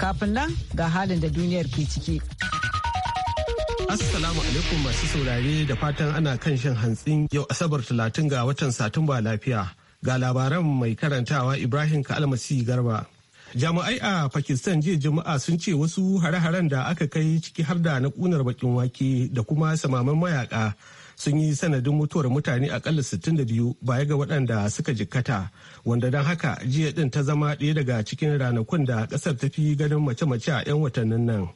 Kafin nan ga halin da duniyar ke ciki. Assalamu alaikum masu saurare da fatan ana kan shan hantsin yau Asabar 30 ga watan Satumba lafiya. Ga labaran mai karantawa Ibrahim Kalmasi Garba. Jami'ai a Pakistan jiya Juma'a sun ce wasu hare-haren da aka kai ciki har da na kunar bakin wake da kuma samaman mayaka sun yi sanadin mutuwar mutane akalla 62 baya ga waɗanda suka jikkata wanda don haka jiya ɗin ta zama ɗaya daga cikin ranakun da ƙasar ta fi ganin mace-mace a 'yan watannin nan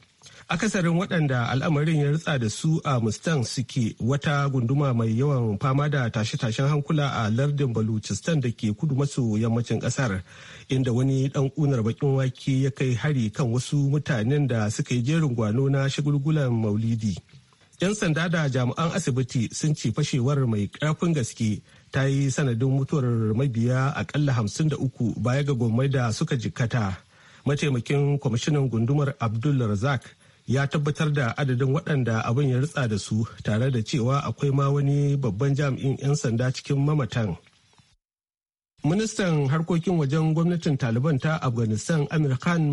akasarin waɗanda al'amarin ya rutsa da su a mustang suke wata gunduma mai yawan fama da tashe-tashen hankula a lardin baluchistan da ke kudu maso yammacin ƙasar inda wani ɗan ƙunar bakin wake ya kai hari kan wasu mutanen da suka yi jerin gwano na shagulgulan maulidi 'Yan sanda da jami'an asibiti sun ce fashewar mai ƙarfin gaske ta yi sanadin mutuwar mabiya akalla hamsin da uku baya ga gomai da suka jikkata. Mataimakin kwamishinan gundumar Abdul Razak ya tabbatar da adadin waɗanda abin ya ritsa da su tare da cewa akwai ma wani babban jami'in 'yan sanda cikin mamatan. Ministan harkokin wajen gwamnatin Taliban ta Afghanistan Amir Khan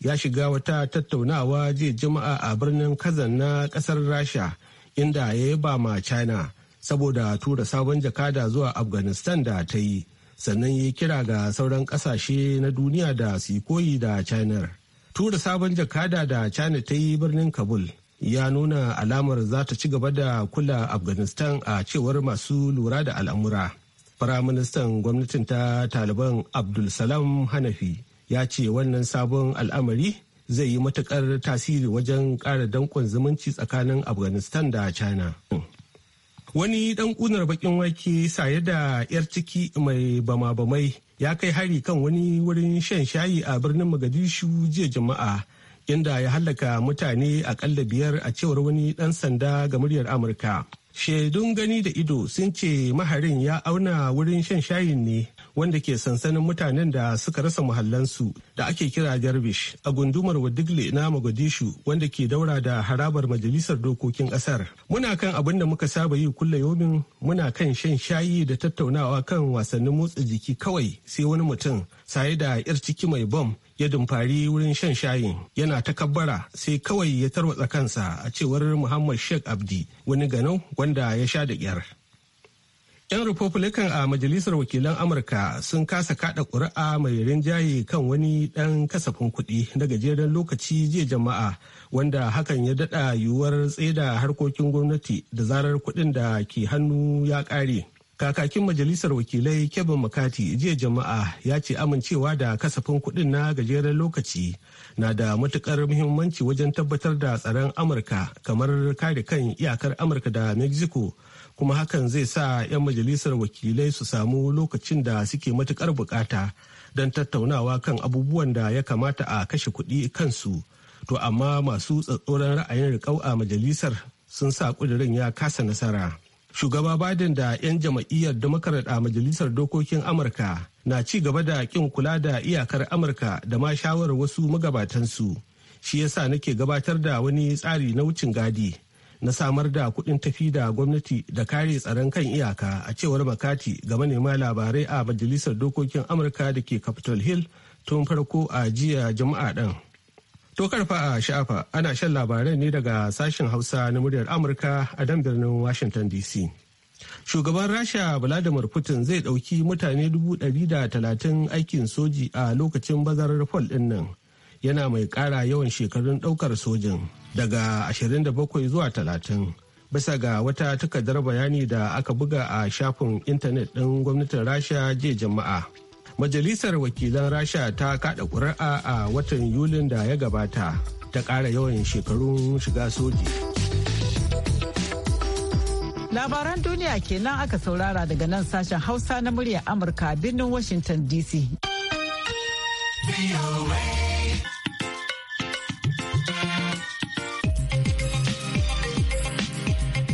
ya shiga wata tattaunawa jiya juma'a a birnin kazan na kasar rasha inda ya yaba ma china saboda tura sabon jakada zuwa afghanistan da ta yi sannan ya kira ga sauran kasashe na duniya da su koyi da china tura sabon jakada da china ta yi birnin kabul ya nuna alamar za ta ci gaba da kula afghanistan a cewar masu lura da al'amura firaministan gwamnatin ta taliban abdulsalam hanafi ya ce wannan sabon al'amari zai yi matukar tasiri wajen ƙara danƙon zumunci tsakanin afghanistan da china wani dan kunar bakin wake saye da yar ciki mai bama-bamai ya kai hari kan wani wurin shan shayi a birnin magadishu jiya jama'a inda ya hallaka mutane akalla biyar a cewar wani dan sanda ga muryar amurka shaidun gani da ido sun ce maharin ya auna wurin shan shayin ne wanda ke sansanin mutanen da suka rasa muhallansu da ake kira Jarvish a gundumar Wadigle na Mogadishu wanda ke daura da harabar majalisar dokokin kasar. Muna kan abin da muka saba yi kulle yomin muna kan shan shayi da tattaunawa kan wasannin motsa jiki kawai sai wani mutum saye da yar ciki mai bom ya dumfari wurin shan shayin yana takabbara sai kawai ya tarwatsa kansa a cewar Muhammad Sheikh Abdi wani gano wanda ya sha da kyar. 'Yan Republican a Majalisar Wakilan Amurka sun kasa kada ƙuri'a mai rinjaye kan wani ɗan kasafin kuɗi na gajeren lokaci jiya jama'a wanda hakan ya daɗa yiwuwar tsaida harkokin gwamnati da zarar kuɗin da ke hannu ya ƙare. kakakin majalisar wakilai kevin mccarthy jiya jama'a ya ce amincewa da kasafin kuɗin na gajeren lokaci na da matukar muhimmanci wajen tabbatar da tsaron amurka kamar kare kan iyakar amurka da mexico kuma hakan zai sa 'yan majalisar wakilai su samu lokacin da suke matukar bukata don tattaunawa kan abubuwan da ya kamata a kashe kuɗi kansu to amma masu tsatsoron ra'ayin riƙau a majalisar sun sa ƙudurin ya kasa nasara. shugaba biden da 'yan jama'iyyar democrat a majalisar dokokin amurka na ci gaba da kin kula da iyakar amurka da ma shawar wasu magabatansu shi yasa nake gabatar da wani tsari na wucin gadi na samar da kuɗin tafi da gwamnati da kare tsaron kan iyaka a cewar makati ga manema labarai a majalisar dokokin amurka da ke capitol hill tun farko a jiya jama'a ɗan To karfa a sha'afa ana shan labaran ne daga sashen Hausa na muryar Amurka a dan birnin Washington DC. Shugaban Rasha Vladimir Putin zai ɗauki mutane dubu ɗari da talatin aikin soji a lokacin bazarar fol ɗin nan. Yana mai ƙara yawan shekarun ɗaukar sojin daga 27 zuwa 30. Bisa ga wata takardar bayani da aka buga a shafin intanet ɗin gwamnatin Rasha jiya jama'a. majalisar wakilan rasha ta kada ƙuri'a a watan yulin da ya gabata ta ƙara yawan shekarun shiga soji labaran duniya kenan aka saurara daga nan sashen hausa na murya amurka birnin washington dc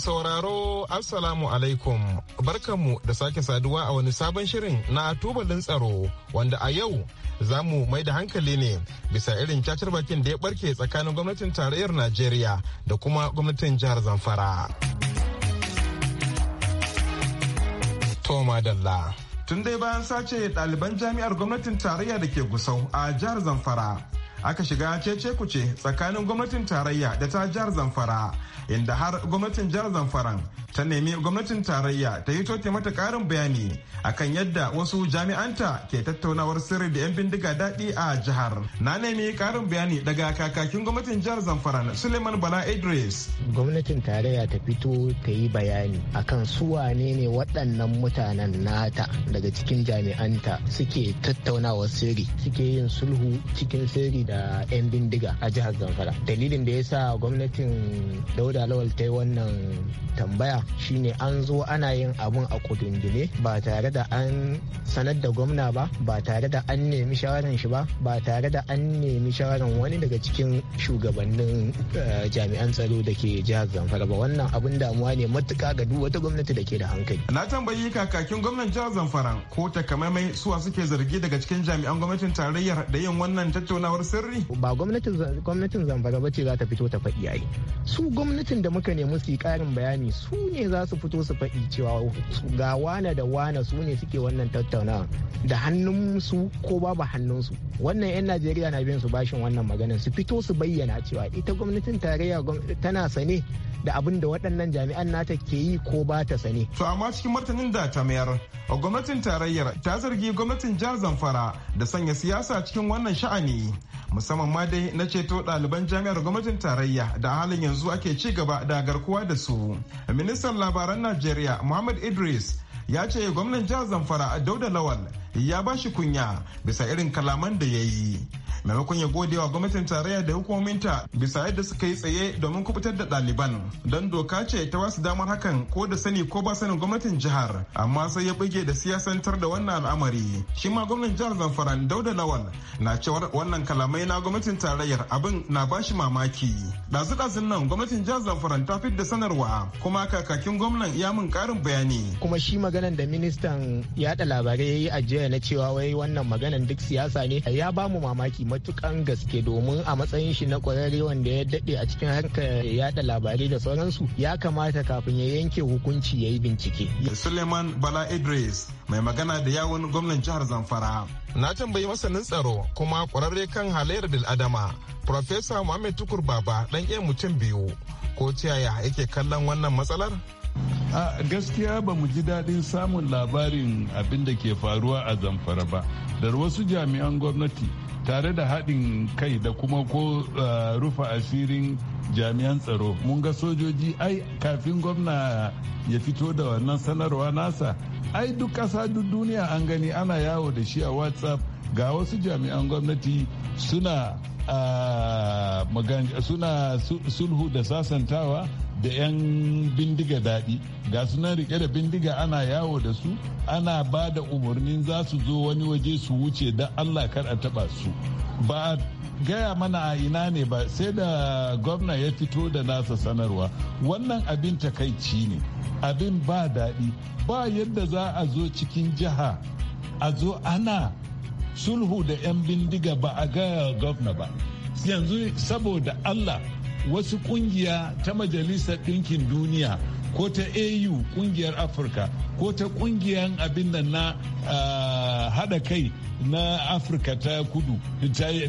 sauraro Assalamu alaikum barkanmu da sake saduwa a wani sabon shirin na tubalin tsaro wanda a yau za mu mai da hankali ne bisa irin cacar bakin da ya barke tsakanin gwamnatin tarayyar Najeriya da kuma gwamnatin jihar Zamfara. Tun dai bayan sace ɗaliban jami'ar gwamnatin tarayya da ke Gusau a jihar Zamfara. aka shiga cece kuce tsakanin gwamnatin tarayya da ta jihar zamfara inda har gwamnatin jihar zamfaran ta nemi gwamnatin tarayya ta yi tote mata karin bayani akan yadda wasu jami'anta ke tattaunawar sirri da 'yan bindiga daɗi a jihar na nemi karin bayani daga kakakin gwamnatin jihar zamfaran suleiman bala idris gwamnatin tarayya ta fito ta yi bayani akan su wane ne waɗannan mutanen nata daga cikin jami'anta suke tattaunawar sirri suke yin sulhu cikin sirri da 'yan bindiga a jihar zamfara dalilin da ya sa gwamnatin dauda lawal ta yi wannan tambaya shine an zo ana yin abun a kudundune ba tare da an sanar da gwamna ba ba tare da an nemi shawaran shi ba ba tare da an nemi shawaran wani daga cikin shugabannin eh, jami'an tsaro da ke jihar zamfara ba wannan abun damuwa ne matuka ga duk wata gwamnati da ke da hankali na tambayi kakakin gwamnan jihar zamfara ko takamaimai suwa suke zargi daga cikin jami'an gwamnatin tarayyar da yin wannan tattaunawar sirri sirri ba gwamnatin gwamnatin zamfara ba ce za ta fito ta faɗi yayi su gwamnatin da muka nemi su yi ƙarin bayani su ne za su fito su faɗi cewa ga wane da wane su ne suke wannan tattaunawa da hannun su ko babu hannun su wannan 'yan najeriya na bin su bashin wannan maganar su fito su bayyana cewa ita gwamnatin tarayya tana sane da abin da waɗannan jami'an nata ke yi ko ba ta sani. To amma cikin martanin da ta mayar, gwamnatin tarayyar ta zargi gwamnatin jihar Zamfara da sanya siyasa cikin wannan sha'ani. Musamman ma dai na ceto ɗaliban jami'ar gwamnatin tarayya da halin yanzu ake ci gaba da garkuwa da su. Ministan labaran Najeriya Muhammad Idris ya ce gwamnan jihar Zamfara Dauda Lawal ya ba shi kunya bisa irin kalaman da ya yi. maimakon ya gode wa gwamnatin tarayya da hukumominta bisa yadda suka yi tsaye domin kubutar da ɗaliban don doka ce ta wasu damar hakan ko da sani ko ba sanin gwamnatin jihar amma sai ya buge da siyasantar da wannan al'amari shi ma gwamnan jihar zamfara dauda lawal na cewar wannan kalamai na gwamnatin tarayyar abin na bashi mamaki ɗazu-ɗazun nan gwamnatin jihar zamfara ta da sanarwa kuma kakakin gwamnan ya min ƙarin bayani kuma shi maganan da ministan yaɗa labarai ya yi a jiya na cewa wai wannan maganan duk siyasa ne ya ba mu mamaki matukan gaske domin a matsayin shi na kwararre wanda ya dade a cikin ya yada labarai da sauransu ya kamata kafin ya yanke hukunci ya yi bincike. Suleiman Bala Idris mai magana da yawon gwamnan jihar Zamfara. Na tambayi masanin tsaro kuma kwararre kan halayyar bil'adama Profesa Muhammad Tukur Baba dan iya mutum biyu ko ciyaya yake kallon wannan matsalar? a gaskiya ba mu ji daɗin samun labarin abinda ke faruwa a zamfara ba da wasu jami'an gwamnati tare da haɗin kai da kuma ko uh, rufe asirin jami'an tsaro mun ga sojoji ai kafin gwamna ya fito da wannan sanarwa nasa ai duk ƙasa duk duniya an gani ana yawo da shi a whatsapp ga wasu jami'an gwamnati suna ah, suna sulhu da sasantawa da 'yan bindiga daɗi ga sunan rike da bindiga ana yawo da su ana ba da umarnin za su zo wani waje su wuce da allah kar a taɓa su ba a gaya mana a ina ne ba sai da gwamna ya fito da nasa sanarwa wannan abin takaici ne abin ba daɗi ba yadda za a zo cikin jiha a zo ana sulhu da 'yan bindiga ba a ga gwamna ba yanzu saboda allah wasu kungiya ta majalisar ɗinkin duniya ko ta au kungiyar afirka ko ta kungiyar abin nan na ah, hada kai na afirka ta kudu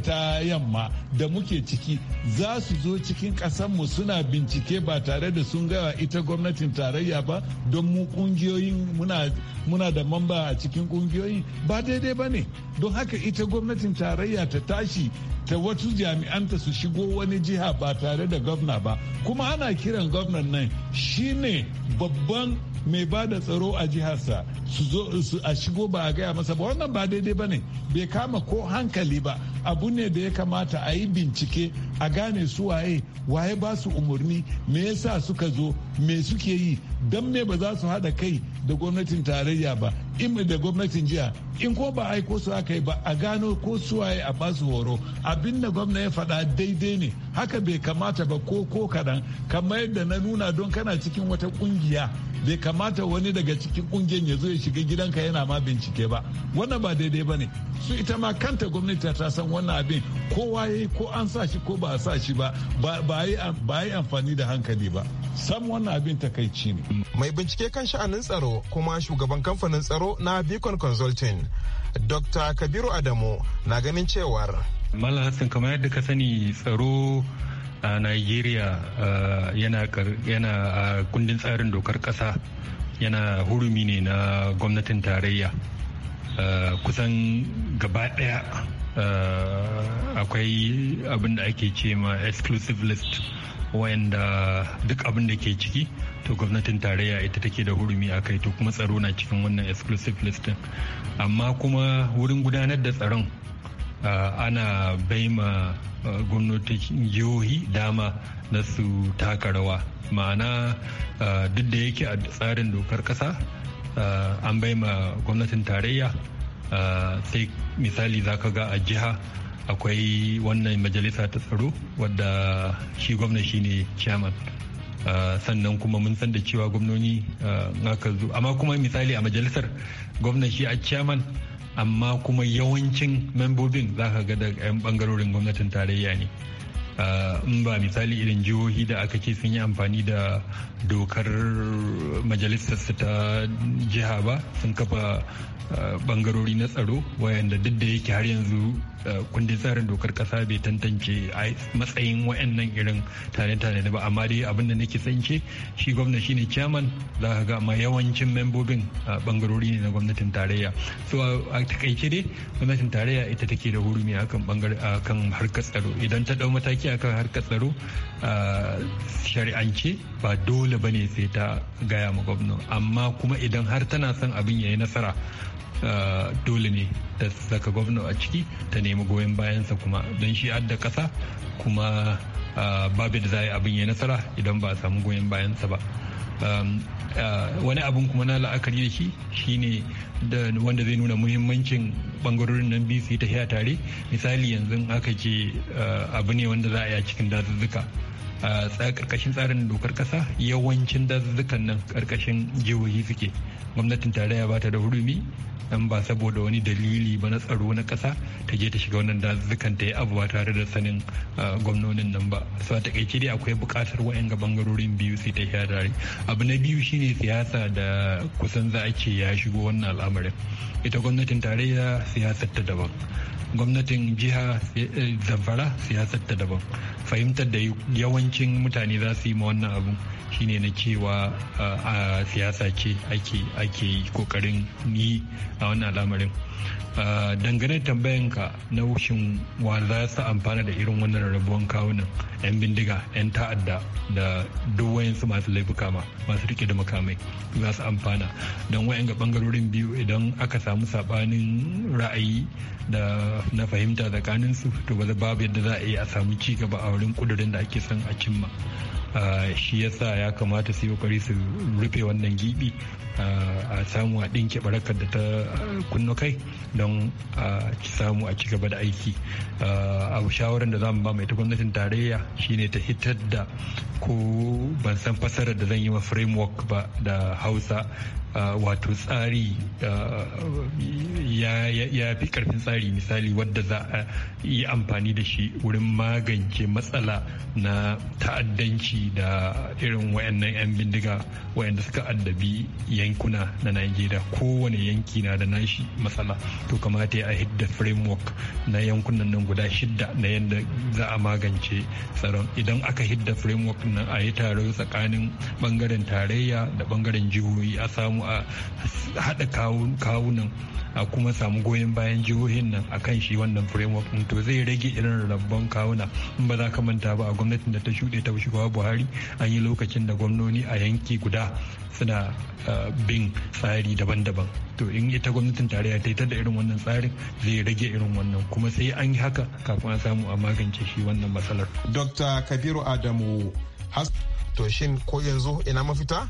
ta yamma da muke ciki za su zo cikin mu suna bincike ba tare da sun gawa ita gwamnatin tarayya ba don mu kungiyoyin muna, muna da mamba a cikin kungiyoyi ba daidai ba ne don haka ita gwamnatin tarayya ta tashi ta wata jami'anta su shigo wani jiha ba tare da gwamna ba kuma ana kiran gwamnan nan shine babban mai ba da tsaro a jiharsa su zo su a shigo ba a gaya masa ba wannan ba daidai ba ne bai kama ko hankali ba abu ne da ya kamata a yi bincike a gane su waye waye ba su umarni me yasa suka zo me suke yi don me ba za su haɗa kai da gwamnatin tarayya ba in da gwamnatin jiya in ko ba aiko su aka yi ba a gano ko suwaye a basu horo abin da gwamna ya faɗa daidai ne haka bai kamata ba ko ko kaɗan kamar yadda na nuna don kana cikin wata ƙungiya bai kamata wani daga cikin ƙungiyar ya zo ya shiga gidanka yana ma bincike ba wannan ba daidai ba ne su ita ma kanta gwamnati ta san wannan abin kowa ya ko an sa shi ko ba a sa shi ba ba yi amfani da hankali ba sam wannan abin takaici ne mai bincike kan sha'anin tsaro kuma shugaban kamfanin tsaro na beacon consulting dr kabiru adamu na ganin cewar mala hassan kamar yadda ka sani tsaro a Najeriya yana a kundin tsarin dokar kasa yana hurumi ne na gwamnatin tarayya kusan gaba daya akwai abin da ake ce ma exclusive list wayanda duk abin da ke ciki to gwamnatin tarayya ita take da hurumi a kai to kuma tsaro na cikin wannan exclusive list amma kuma wurin gudanar da tsaron ana baima gwamnatin jihohi dama na su taka rawa ma'ana duk da yake a tsarin dokar kasa an ma gwamnatin tarayya sai misali za ka ga a jiha akwai wannan majalisa ta tsaro wadda shi gwamna shine chairman sannan kuma mun san da cewa gwamnoni aka zo amma kuma misali a majalisar gwamna shi a chairman amma kuma yawancin membobin za ka ga da 'yan bangarorin gwamnatin tarayya ne in ba misali irin jihohi da aka ce sun yi amfani da dokar majalisarsu ta jiha ba sun kafa eh, bangarori na tsaro wayanda duk da yake har yanzu eh, kundin tsarin dokar kasa bai tantance a matsayin wayannan irin tare-tare ba amma dai abin da nake ce shi gwamna shine chairman za ka ga amma yawancin membobin eh, bangarori ne na gwamnatin tarayya so a takaice dai gwamnatin tarayya ita take da hurumi akan kan akan harkar tsaro idan ta dau mataki akan harkar tsaro shari'ance ba dole dole ba ne sai ta gaya ma gwamna amma kuma idan har tana son abin ya yi nasara eh, dole ne ta saka gwamna a ciki ta nemi goyon bayansa kuma don shi adda kasa kuma eh, babu da za a yi abin ya yi nasara idan ba a samu goyon bayansa ba um, eh, wani abin kuma na la'akari da shi shine ne wanda zai nuna muhimmancin bangarorin nan biyu su yi tafiya tare misali yanzu aka ce abu ne wanda za a yi a cikin dazuzzuka a karkashin tsarin dokar kasa yawancin dazuzzukan nan karkashin jihohi suke gwamnatin tarayya ba ta da hurumi dan ba saboda wani dalili ba na tsaro na kasa ta je ta shiga wannan dazuzzukan ta yi abu ba tare da sanin ah, gwamnonin nan ba su a dai akwai bukatar wa'yan ga bangarorin biyu su ta tare abu na biyu shine siyasa da kusan za a ce ya shigo wannan al'amarin ita gwamnatin tarayya siyasar ta daban gwamnatin jiha eh, zamfara siyasar ta daban fahimtar da yawancin mutane za su yi ma wannan abu shine na cewa ah, a siyasa ce ake ake kokarin ni a wannan al'amarin dangane tambayanka na wushin wa za su amfana da irin wannan rabuwan kawunan 'yan bindiga 'yan ta'adda da duk su masu laifuka ma masu rike da makamai za su amfana don wayan ga bangarorin biyu idan aka samu sabanin ra'ayi da na fahimta tsakaninsu to ba babu yadda za a yi a samu ci gaba a wurin kudurin da ake son a cimma shi yasa ya kamata su yi kokari su rufe wannan gibi a samu a ɗinke barakar da ta kunno kai don a samu a cigaba da aiki a shawarar da zamu ba mai ta gwamnatin tarayya shine ta hitar da ko ban san fasarar da zan yi wa framework ba da hausa Uh, wato tsari uh, ya fi karfin tsari misali wadda za a yi amfani da shi wurin magance matsala na ta'addanci da irin wayannan 'yan bindiga wayanda suka addabi yankuna na najeriya kowane yanki na da nashi matsala to kamata ya hidda framework na yankunan nan guda shidda na yadda za a magance tsaron idan aka hidda framework nan a yi taro tsakanin bangaren tarayya da bangaren jihohi a samu a haɗa kawunan a kuma samu goyon bayan jihohin nan a kan shi wannan framework to zai rage irin rabon kawuna in ba za ka manta ba a gwamnatin da ta shuɗe ta shugaba buhari an yi lokacin da gwamnoni a yanki guda suna bin tsari daban-daban to in ita gwamnatin tarayya ta yi da irin wannan tsarin zai rage irin wannan kuma sai an yi haka kafin a samu a magance shi wannan matsalar. dr kabiru adamu to shin ko yanzu ina mafita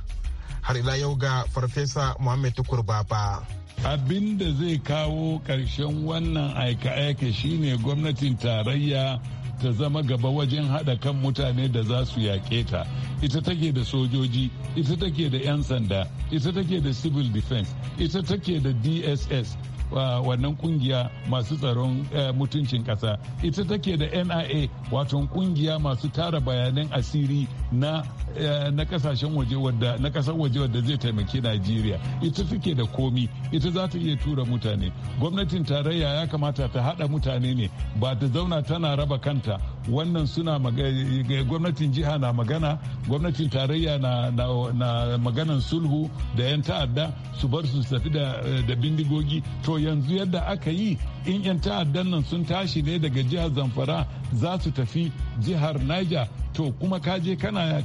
har ila yau ga farfesa muhammed tukur baba abin da zai kawo ƙarshen wannan aika-aika shine gwamnatin tarayya ta zama gaba wajen haɗa kan mutane da za su yaƙe ta ita take da sojoji ita take da 'yan sanda ita take da civil defense ita take da dss wannan kungiya masu tsaron eh, mutuncin kasa ita take da nia wato kungiya masu tara bayanan asiri na eh, na kasashen waje wadda na kasar waje wadda zai taimaki najeriya ita take da komi ita za ta iya tura mutane gwamnatin tarayya ya kamata ta hada mutane ne ba ta zauna tana raba kanta wannan suna gwamnatin jiha na magana gwamnatin tarayya na maganan sulhu da 'yan ta'adda su bar su tafi da bindigogi to yanzu yadda aka yi in 'yan ta'addan nan sun tashi ne daga jihar zamfara za su tafi jihar niger to kuma ka je kana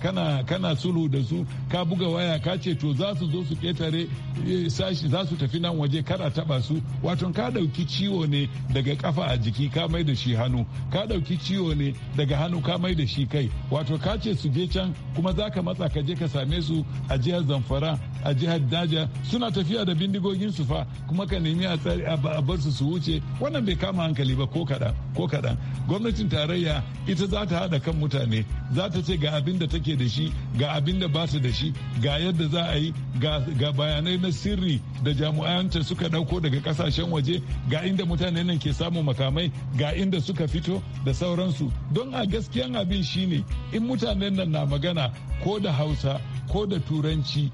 kana sulhu da su ka buga waya ka ce to za su zo su ketare eh, za su tafi nan waje kada taba su wato ka dauki ciwo ne daga kafa a jiki ka mai da shi hannu ka dauki ciwo ne daga hannu ka mai da shi kai wato ka ce su je can kuma za ka matsa ka je ka same su a jihar zamfara a jihar daja suna tafiya da bindigogin su fa kuma ka nemi a fitsari a bar su wuce wannan bai kama hankali ba ko kaɗan ko kaɗan gwamnatin tarayya ita za ta haɗa kan mutane za ta ce ga abin da take da shi ga abin da ba ta da shi ga yadda za a yi ga bayanai na sirri da jami'anta suka ɗauko daga kasashen waje ga inda mutane nan ke samun makamai ga inda suka fito da sauransu don a gaskiyan abin shine in mutanen nan na magana ko da hausa ko da turanci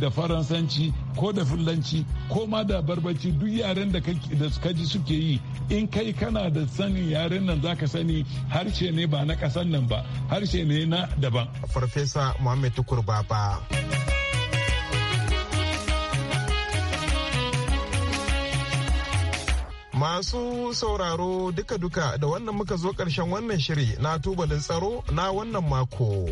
da faransanci ko da fulanci ko ma da barbaci duk yaren da suka ji suke yi in kai kana da sanin yaren nan zaka sani harshe ne ba na kasan nan ba harshe ne na daban farfesa muhammed tukur baba Masu sauraro duka-duka da wannan muka zo ƙarshen wannan shiri na tubalin tsaro na wannan mako.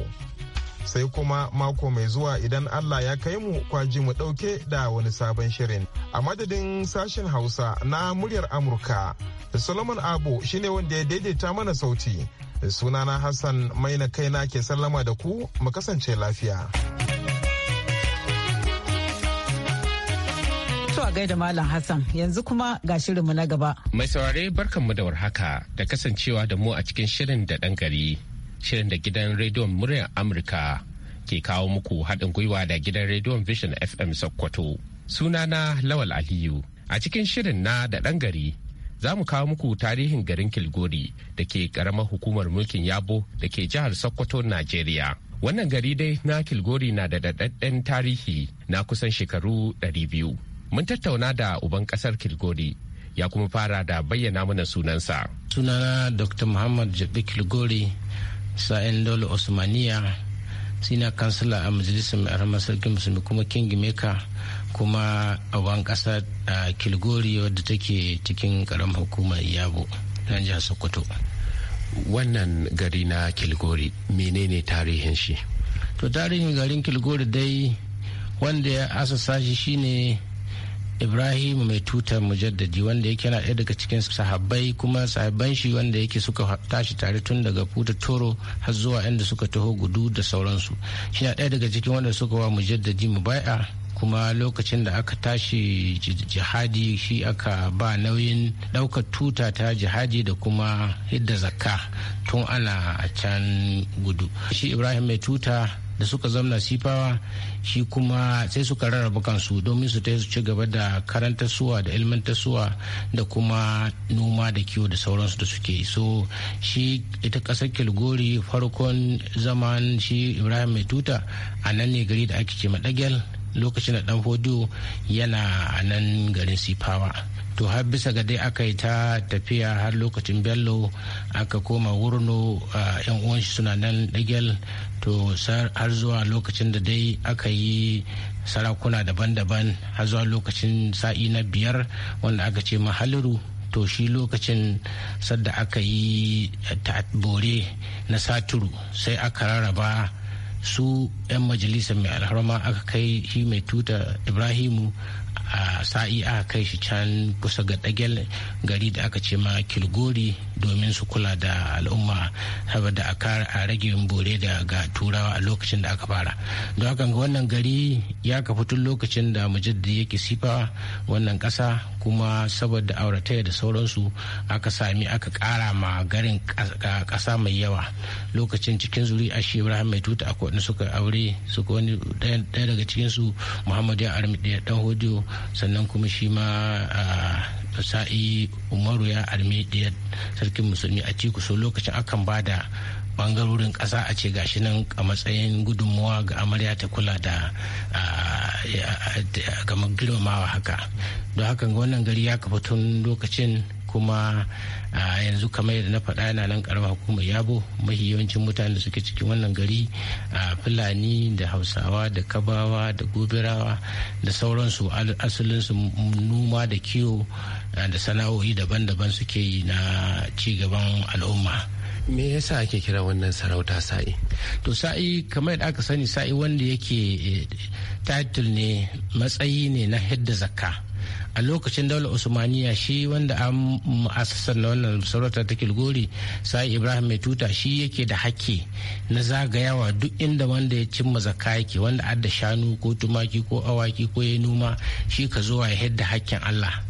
sai kuma mako mai zuwa idan Allah ya kai mu kwaji mu ɗauke da wani sabon shirin. A madadin sashen Hausa na muryar Amurka, Solomon Abo shine wanda ya daidaita mana sauti. Sunana Hassan maina kaina ke sallama da ku mu kasance lafiya. a gaida Malam Hassan yanzu kuma ga shirinmu na gaba. Mai saurare barkanmu da warhaka da kasancewa da mu a cikin shirin da ɗan gari. shirin da gidan rediyon muryar amurka ke kawo muku haɗin gwiwa da gidan rediyon vision fm sokoto sunana lawal aliyu a cikin shirin na da ɗan gari za mu kawo muku tarihin garin kilgori da ke ƙaramar hukumar mulkin yabo da ke jihar sokoto najeriya wannan gari dai na kilgori na da daɗaɗɗen tarihi na kusan shekaru 200 mun tattauna da uban ƙasar kilgori ya kuma fara da bayyana mana sunansa sunana dr muhammad jabi kilgori sa'in dole osmaniya sina kansila a majalisar mai arama sarkin musulmi kuma king meka kuma a wan kasa a kilgori wadda take cikin karamar hukumar yabo na jihar sokoto wannan gari na kilgori menene tarihin shi to tarihin garin kilgori dai wanda ya asasa shi shine ibrahim mai tutar mujaddadi wanda yake na ɗaya daga cikin sahabbai kuma sahabban shi wanda yake suka tashi tare tun daga puta toro har zuwa inda suka taho gudu da sauransu shi na ɗaya daga cikin wanda suka wa mujaddadi mu mubai'a kuma lokacin da aka tashi jihadi shi aka ba nauyin ɗaukar tuta ta jihadi da kuma hidda zakka tun ana a can gudu shi ibrahim mai tuta da suka zauna sifawa shi kuma sai suka rarraba kansu domin su su ci gaba da karanta suwa da ilmantar suwa da kuma noma da kiwo da sauransu da suke so shi ita kasar kilgori farkon zaman shi ibrahim mai tuta a nan ne gari da ake ce madagel lokacin da dan fodiyo yana a nan garin sifawa to har bisa ga dai aka yi ta tafiya har lokacin bello aka koma wurno yan uwan shi suna nan dagel to har zuwa lokacin da dai aka yi sarakuna daban-daban har zuwa lokacin sa'i na biyar wanda aka ce mahaliru to shi lokacin sadda aka yi eh, bore na saturu sai aka rarraba su 'yan majalisar mai alharma aka kai shi mai tuta ibrahimu a sa'i a kai shi can kusa ga dagel gari da aka ce ma kilgori domin su kula da al'umma saboda a a rage bore da ga turawa a lokacin da aka fara don haka ga wannan gari ya kafu tun lokacin da mujaddi yake sifa wannan kasa kuma saboda aurataya da sauransu aka sami aka kara ma garin kasa mai yawa lokacin cikin zuri a shi ibrahim mai tuta akwai suka aure suka wani daya daga cikinsu muhammadu ya armi daya dan hodiyo sannan kuma shi ma a sa'i umaru ya arme da sarkin musulmi a ciku so lokacin akan ba da bangarorin ƙasa a ce gashi nan a matsayin gudunmuwa ga amarya ta kula da gama girmamawa haka don hakan wannan gari ya kafa tun lokacin kuma yanzu kamar yadda na faɗa yana nan karamar hukumar yabo mahi yawancin mutane da suke cikin wannan gari a fulani da hausawa da kabawa da gobirawa da sauransu asalinsu Numa da kiwo da sana'o'i daban-daban suke yi na ci gaban al'umma me yasa ake kira wannan sarauta sa'i to sa'i kamar yadda aka sani sa'i wanda yake eh, title ne matsayi ne na hidda zakka a lokacin daular usmaniya shi wanda an ma'asasar na wannan sarauta ta kilgori sai ibrahim mai tuta shi yake da hakki na zagayawa duk inda wanda ya cimma zakka yake wanda adda shanu ko tumaki ko awaki ko ya noma shi ka zuwa ya hidda hakkin allah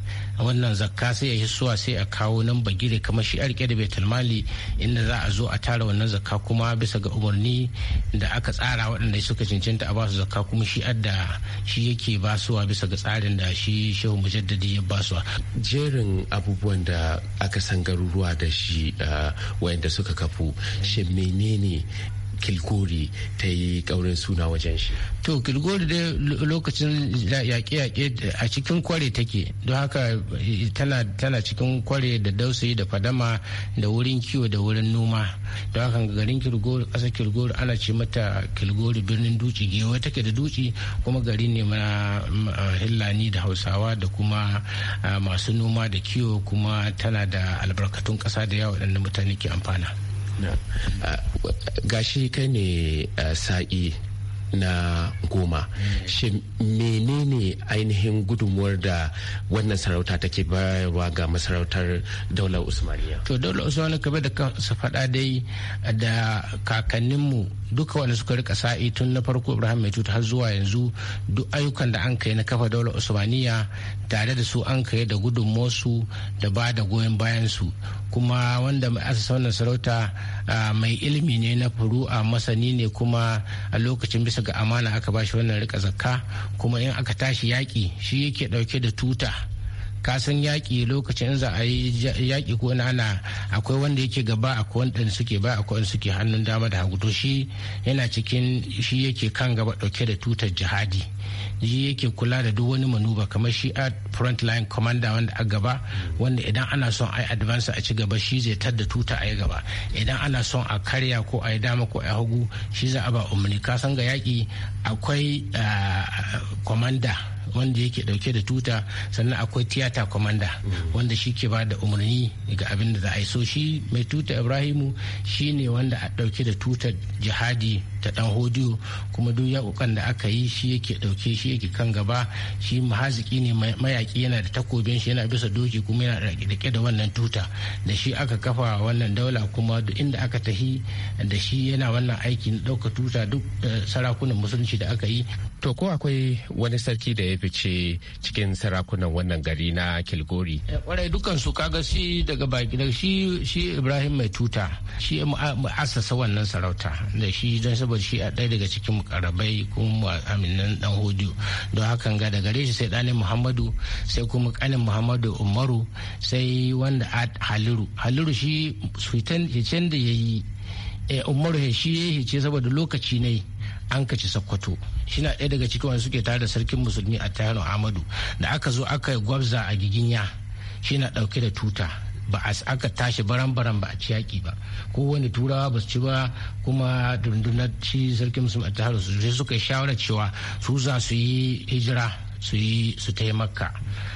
wannan zakka sai ya yi suwa sai a kawo nan bagire kamar shi arke da baitul mali inda za a zo a tara wannan zakka kuma bisa ga umarni da aka tsara waɗanda suka cancanta a ba su zakka kuma shi adda shi yake basuwa bisa ga tsarin da shi shehu mujaddadi ya basuwa jerin abubuwan da aka san garuruwa da shi eh, wayanda suka kafu shin menene kilgori ta yi ƙaurin suna wajen shi to kilgori dai lokacin yaƙe-yaƙe a cikin kware take don haka eh, tana cikin kware da dausayi da fadama da wurin kiwo da wurin noma don haka garin kilgori ƙasa kilgori ana ce mata kilgori birnin duci gewa take da duci kuma gari ne mana hillani da hausawa da kuma ah, masu noma da kiwo kuma tana da albarkatun ƙasa da yawa waɗanda mutane ke amfana gashi kai ne eh, sa'i na goma shi menene ainihin gudunmuwar da wannan sarauta take bayarwa ga masarautar daular usmaniya to daular usmaniya kamar da kansa faɗa dai da kakanninmu duka wanda suka rika sa'i tun na farko ibrahim mai har zuwa yanzu duk ayyukan da an kai na kafa daular usmaniya tare da su an kai da su da ba da goyon bayansu kuma wanda asasa wannan sarauta mai ilimi ne na furu'a masani ne kuma a lokacin bisa ga amana aka ba shi wannan rika zakka kuma in aka tashi yaƙi shi yake ɗauke da tuta kasan yaƙi lokacin za a yi yaƙi ko ana akwai wanda yake gaba akwai wanda suke ba akwai wanda suke hannun dama da hagu to shi yana cikin shi yake kan gaba ɗauke da tutar jihadi shi yake kula da duk wani manuba kamar shi a front line commander wanda a gaba wanda idan ana son ai advance a ci gaba shi zai da tuta a gaba idan ana son a karya ko a yi dama ko a hagu shi za a ba umarni kasan ga yaki akwai eh, commander wanda yake dauke da tuta sannan akwai tiyata kwamanda wanda shi ke ba da umarni ga abin da za a yi so shi mai tuta ibrahimu shi ne wanda a dauke da tuta jihadi ta dan hodiyo kuma duk yakukan da aka yi shi yake dauke shi yake kan gaba shi mahaziki ne mayaki yana da takobin shi yana bisa doki kuma yana rike da wannan tuta da shi aka kafa wannan daula kuma duk inda aka tahi da shi yana wannan aiki na dauka tuta duk eh, sarakunan musulunci da aka yi To ko akwai wani sarki da ya fice cikin sarakunan wannan gari na Kilgori? Eh, kwarai dukkan su kaga shi daga baki daga shi shi Ibrahim mai tuta shi asasa wannan sarauta da shi don saboda shi a ɗaya daga cikin karabai kuma aminan dan hudu don hakan ga da gare shi sai ɗanin Muhammadu sai kuma ƙanin Muhammadu Umaru sai wanda Haliru Haliru shi fitan da ya yi eh, Umaru shi ya yi hice saboda lokaci ne an kaci sokoto shi na ɗaya daga cikin wanda suke tare da sarkin musulmi a tayano amadu da aka zo aka gwabza a giginya shi na ɗauke da tuta ba a aka tashi baran-baran ba a ci yaƙi ba ko wani turawa ba su ci ba kuma dundunar ci sarkin musulmi a tayano su suka yi shawarar cewa su za su yi hijira su yi su taimaka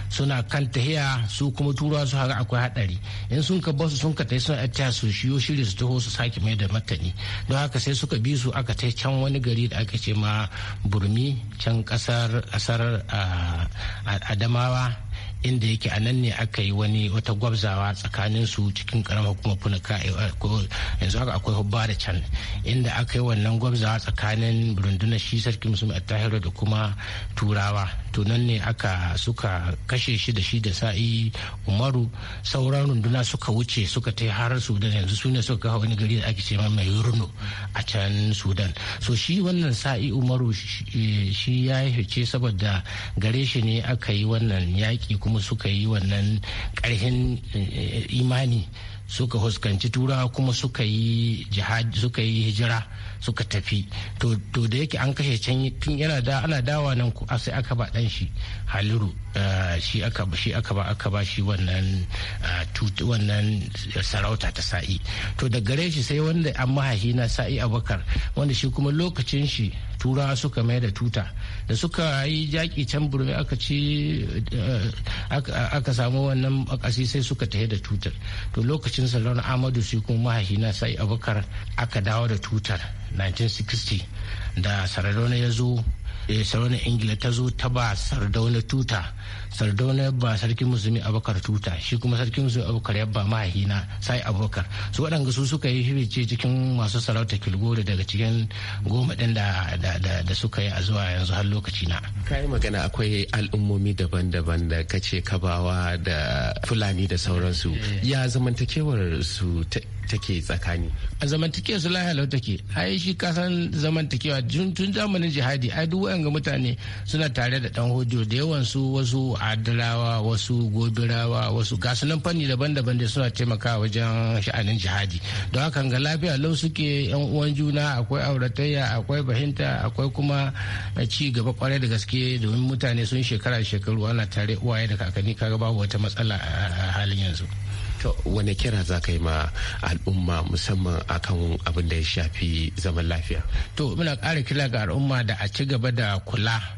suna kan tahiya su kuma turawa su haka akwai hadari in sun ka basu sun ka tai suna ta su shiyo shiri su taho su sake mai da matani don haka sai suka bi su aka tai can wani gari da aka ce ma burmi can kasar ah, adamawa inda yake a nan ne aka yi wani wata gwabzawa tsakanin su cikin karamar kuma funuka eh, eh, yanzu haka akwai hubba da can inda aka yi wannan gwabzawa tsakanin rundunar shi sarki musulmi a tahiru da kuma turawa to nan ne aka suka kashe shi da shi da sa'i umaru sauran runduna suka wuce suka ta har sudan yanzu su ne suka kawo wani gari da ake ce mai runo a can sudan so shi wannan sa'i umaru shi ya yi fice saboda gare shi ne aka yi wannan yaƙi kuma suka yi wannan ƙarfin eh, imani suka huskanci turawa kuma suka yi hijira suka tafi to da yake an kashe can tun yana da ana dawa nan ku sai aka ba dan shi haliru eh, shi aka ba shi aka ba aka ba shi wannan eh, wannan sarauta ta sa'i to da gare shi sai wanda an mahahi na sa'i abakar wanda shi kuma lokacin shi turawa suka mai da tuta da suka yi jaki can burbe aka ci eh, aka samu wannan akasi sai suka tafi da tutar to lokacin salon amadu shi kuma mahahi na sa'i abakar aka dawo da tutar 1960 da sardauna ya zo eh, sardauna ingila ta zo ta ba sardauna tuta sardauna yabba sarkin musulmi abubakar tuta shi kuma sarkin musulmi abubakar ya ba mahina sai abubakar su waɗanda su suka yi ce cikin masu sarauta kilgore daga cikin goma ɗin da suka yi a zuwa yanzu har lokaci na. kayi magana akwai al'ummomi daban-daban da kace kabawa da fulani da sauransu eh. ya zamantakewar su take tsakani. A zamantakewa su lahiya take ai shi kasan zamantakewa tun zamanin jihadi ai duk wa'yan mutane suna tare da ɗan hojo da yawan su wasu adalawa wasu gobirawa wasu nan fanni daban-daban da suna taimakawa wajen sha'anin jihadi don hakan ga lafiya lau suke yan uwan juna akwai auratayya akwai bahinta akwai kuma ci gaba kwarai da gaske domin mutane sun shekara shekaru ana tare uwaye da kakanni kaga babu wata matsala a halin yanzu to wane kira za ka yi ma al'umma musamman akan abin da ya shafi zaman lafiya to muna kara kira ga al'umma da a ci gaba da kula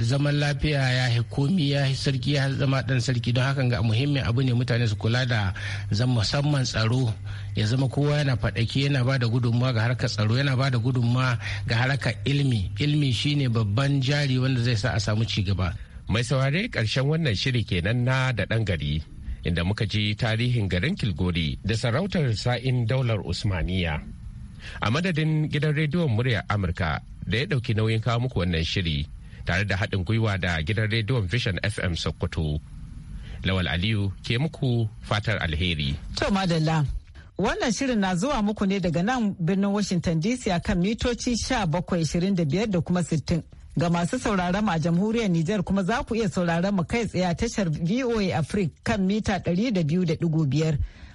zaman lafiya ya yi komi ya yi sarki ya zama dan sarki don hakan ga muhimmin abu ne mutane su kula da zan musamman tsaro ya zama kowa yana faɗaki yana ba da gudunmawa ga harkar tsaro yana ba da gudunmawa ga harkar ilmi ilmi shine babban jari wanda zai sa a samu ci gaba mai saurare karshen wannan shiri kenan na da ɗan gari inda muka ji tarihin garin kilgori da sarautar sa'in daular usmaniya a madadin gidan rediyon muryar amurka da ya ɗauki nauyin kawo muku wannan shiri tare da haɗin gwiwa da gidan rediyon Vision FM Sokoto. Lawal Aliyu ke muku fatar alheri. To madalla. Wannan shirin na zuwa muku ne daga nan birnin Washington DC a kan mitoci 1725 da kuma 60. Ga masu sauraron a jamhuriyar Nijar kuma za ku iya sauraron mu kai tsaye a tashar VOA Africa kan mita 200.5.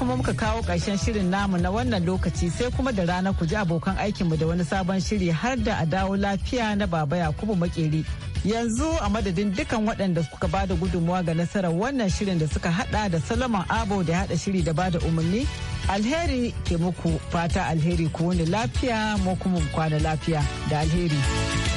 kuma muka kawo karshen shirin namu na wannan lokaci sai kuma da rana ku ji abokan aikinmu da wani sabon shiri har da a dawo lafiya na baba yakubu makeri yanzu a madadin dukan waɗanda suka ba da gudunmuwa ga nasarar wannan shirin da suka hada da salaman abo da hada shiri da ba da umarni alheri ke muku fata alheri ku wani lafiya mu kuma kwana lafiya da alheri.